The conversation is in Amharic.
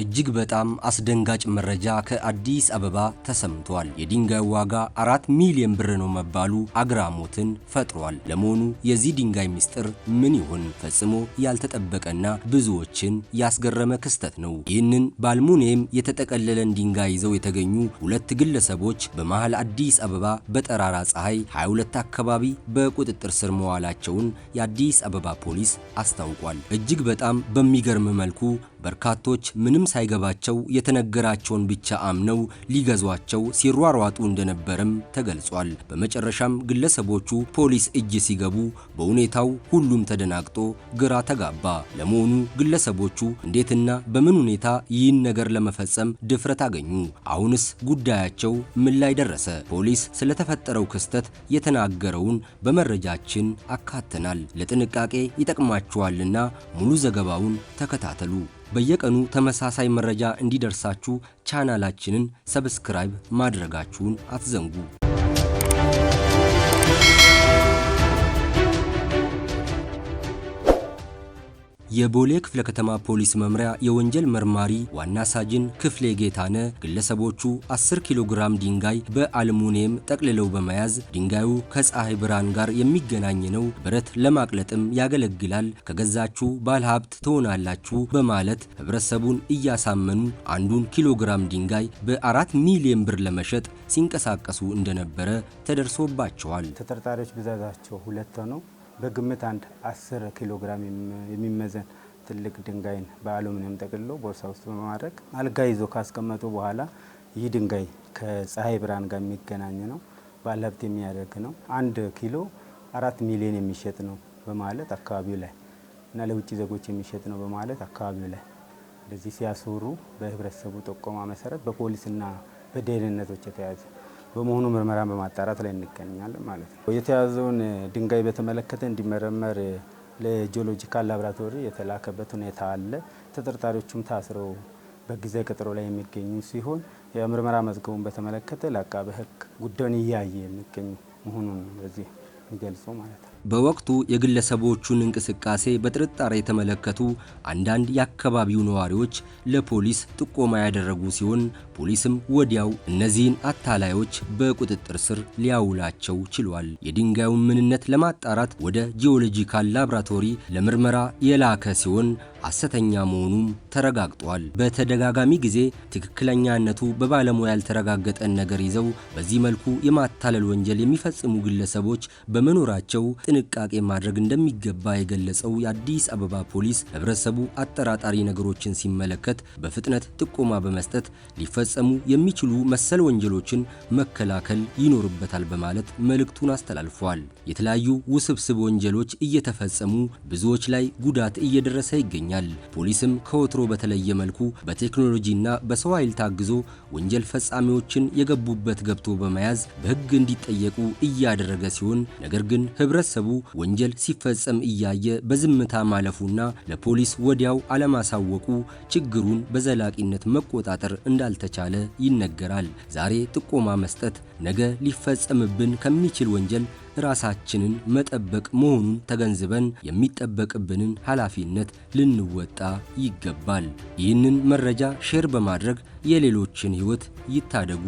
እጅግ በጣም አስደንጋጭ መረጃ ከአዲስ አበባ ተሰምቷል። የድንጋይ ዋጋ አራት ሚሊዮን ብር ነው መባሉ አግራሞትን ፈጥሯል። ለመሆኑ የዚህ ድንጋይ ምስጢር ምን ይሆን? ፈጽሞ ያልተጠበቀና ብዙዎችን ያስገረመ ክስተት ነው። ይህንን በአልሙኒየም የተጠቀለለን ድንጋይ ይዘው የተገኙ ሁለት ግለሰቦች በመሃል አዲስ አበባ በጠራራ ፀሐይ 22 አካባቢ በቁጥጥር ስር መዋላቸውን የአዲስ አበባ ፖሊስ አስታውቋል። እጅግ በጣም በሚገርም መልኩ በርካቶች ምንም ሳይገባቸው የተነገራቸውን ብቻ አምነው ሊገዟቸው ሲሯሯጡ እንደነበረም ተገልጿል። በመጨረሻም ግለሰቦቹ ፖሊስ እጅ ሲገቡ በሁኔታው ሁሉም ተደናግጦ ግራ ተጋባ። ለመሆኑ ግለሰቦቹ እንዴትና በምን ሁኔታ ይህን ነገር ለመፈጸም ድፍረት አገኙ? አሁንስ ጉዳያቸው ምን ላይ ደረሰ? ፖሊስ ስለተፈጠረው ክስተት የተናገረውን በመረጃችን አካተናል። ለጥንቃቄ ይጠቅማችኋልና ሙሉ ዘገባውን ተከታተሉ። በየቀኑ ተመሳሳይ መረጃ እንዲደርሳችሁ ቻናላችንን ሰብስክራይብ ማድረጋችሁን አትዘንጉ። የቦሌ ክፍለ ከተማ ፖሊስ መምሪያ የወንጀል መርማሪ ዋና ሳጅን ክፍሌ ጌታነ ግለሰቦቹ 10 ኪሎ ግራም ድንጋይ በአልሙኒየም ጠቅልለው በመያዝ ድንጋዩ ከፀሐይ ብርሃን ጋር የሚገናኝ ነው፣ ብረት ለማቅለጥም ያገለግላል፣ ከገዛችሁ ባለሀብት ትሆናላችሁ በማለት ህብረተሰቡን እያሳመኑ አንዱን ኪሎ ግራም ድንጋይ በአራት ሚሊዮን ብር ለመሸጥ ሲንቀሳቀሱ እንደነበረ ተደርሶባቸዋል። ተጠርጣሪዎች ብዛታቸው ሁለት ነው። በግምት አንድ አስር ኪሎ ግራም የሚመዘን ትልቅ ድንጋይን በአሉሚኒየም ጠቅልሎ ቦርሳ ውስጥ በማድረግ አልጋ ይዞ ካስቀመጡ በኋላ ይህ ድንጋይ ከፀሐይ ብርሃን ጋር የሚገናኝ ነው፣ ባለሀብት የሚያደርግ ነው፣ አንድ ኪሎ አራት ሚሊዮን የሚሸጥ ነው በማለት አካባቢው ላይ እና ለውጭ ዜጎች የሚሸጥ ነው በማለት አካባቢው ላይ እንደዚህ ሲያስወሩ በህብረተሰቡ ጥቆማ መሰረት በፖሊስና በደህንነቶች የተያዘ በመሆኑ ምርመራን በማጣራት ላይ እንገኛለን ማለት ነው። የተያዘውን ድንጋይ በተመለከተ እንዲመረመር ለጂኦሎጂካል ላብራቶሪ የተላከበት ሁኔታ አለ። ተጠርጣሪዎቹም ታስረው በጊዜ ቀጠሮ ላይ የሚገኙ ሲሆን የምርመራ መዝገቡን በተመለከተ ለአቃቤ ሕግ ጉዳዩን እያየ የሚገኙ መሆኑን በዚህ የሚገልጸው ማለት ነው። በወቅቱ የግለሰቦቹን እንቅስቃሴ በጥርጣሬ የተመለከቱ አንዳንድ የአካባቢው ነዋሪዎች ለፖሊስ ጥቆማ ያደረጉ ሲሆን ፖሊስም ወዲያው እነዚህን አታላዮች በቁጥጥር ስር ሊያውላቸው ችሏል። የድንጋዩን ምንነት ለማጣራት ወደ ጂኦሎጂካል ላብራቶሪ ለምርመራ የላከ ሲሆን ሐሰተኛ መሆኑም ተረጋግጧል። በተደጋጋሚ ጊዜ ትክክለኛነቱ በባለሙያ ያልተረጋገጠን ነገር ይዘው በዚህ መልኩ የማታለል ወንጀል የሚፈጽሙ ግለሰቦች በ በመኖራቸው ጥንቃቄ ማድረግ እንደሚገባ የገለጸው የአዲስ አበባ ፖሊስ ህብረተሰቡ አጠራጣሪ ነገሮችን ሲመለከት በፍጥነት ጥቆማ በመስጠት ሊፈጸሙ የሚችሉ መሰል ወንጀሎችን መከላከል ይኖርበታል በማለት መልእክቱን አስተላልፏል። የተለያዩ ውስብስብ ወንጀሎች እየተፈጸሙ ብዙዎች ላይ ጉዳት እየደረሰ ይገኛል። ፖሊስም ከወትሮ በተለየ መልኩ በቴክኖሎጂና በሰው ኃይል ታግዞ ወንጀል ፈጻሚዎችን የገቡበት ገብቶ በመያዝ በህግ እንዲጠየቁ እያደረገ ሲሆን ነገር ግን ህብረተሰቡ ወንጀል ሲፈጸም እያየ በዝምታ ማለፉና ለፖሊስ ወዲያው አለማሳወቁ ችግሩን በዘላቂነት መቆጣጠር እንዳልተቻለ ይነገራል። ዛሬ ጥቆማ መስጠት ነገ ሊፈጸምብን ከሚችል ወንጀል ራሳችንን መጠበቅ መሆኑን ተገንዝበን የሚጠበቅብንን ኃላፊነት ልንወጣ ይገባል። ይህንን መረጃ ሼር በማድረግ የሌሎችን ህይወት ይታደጉ።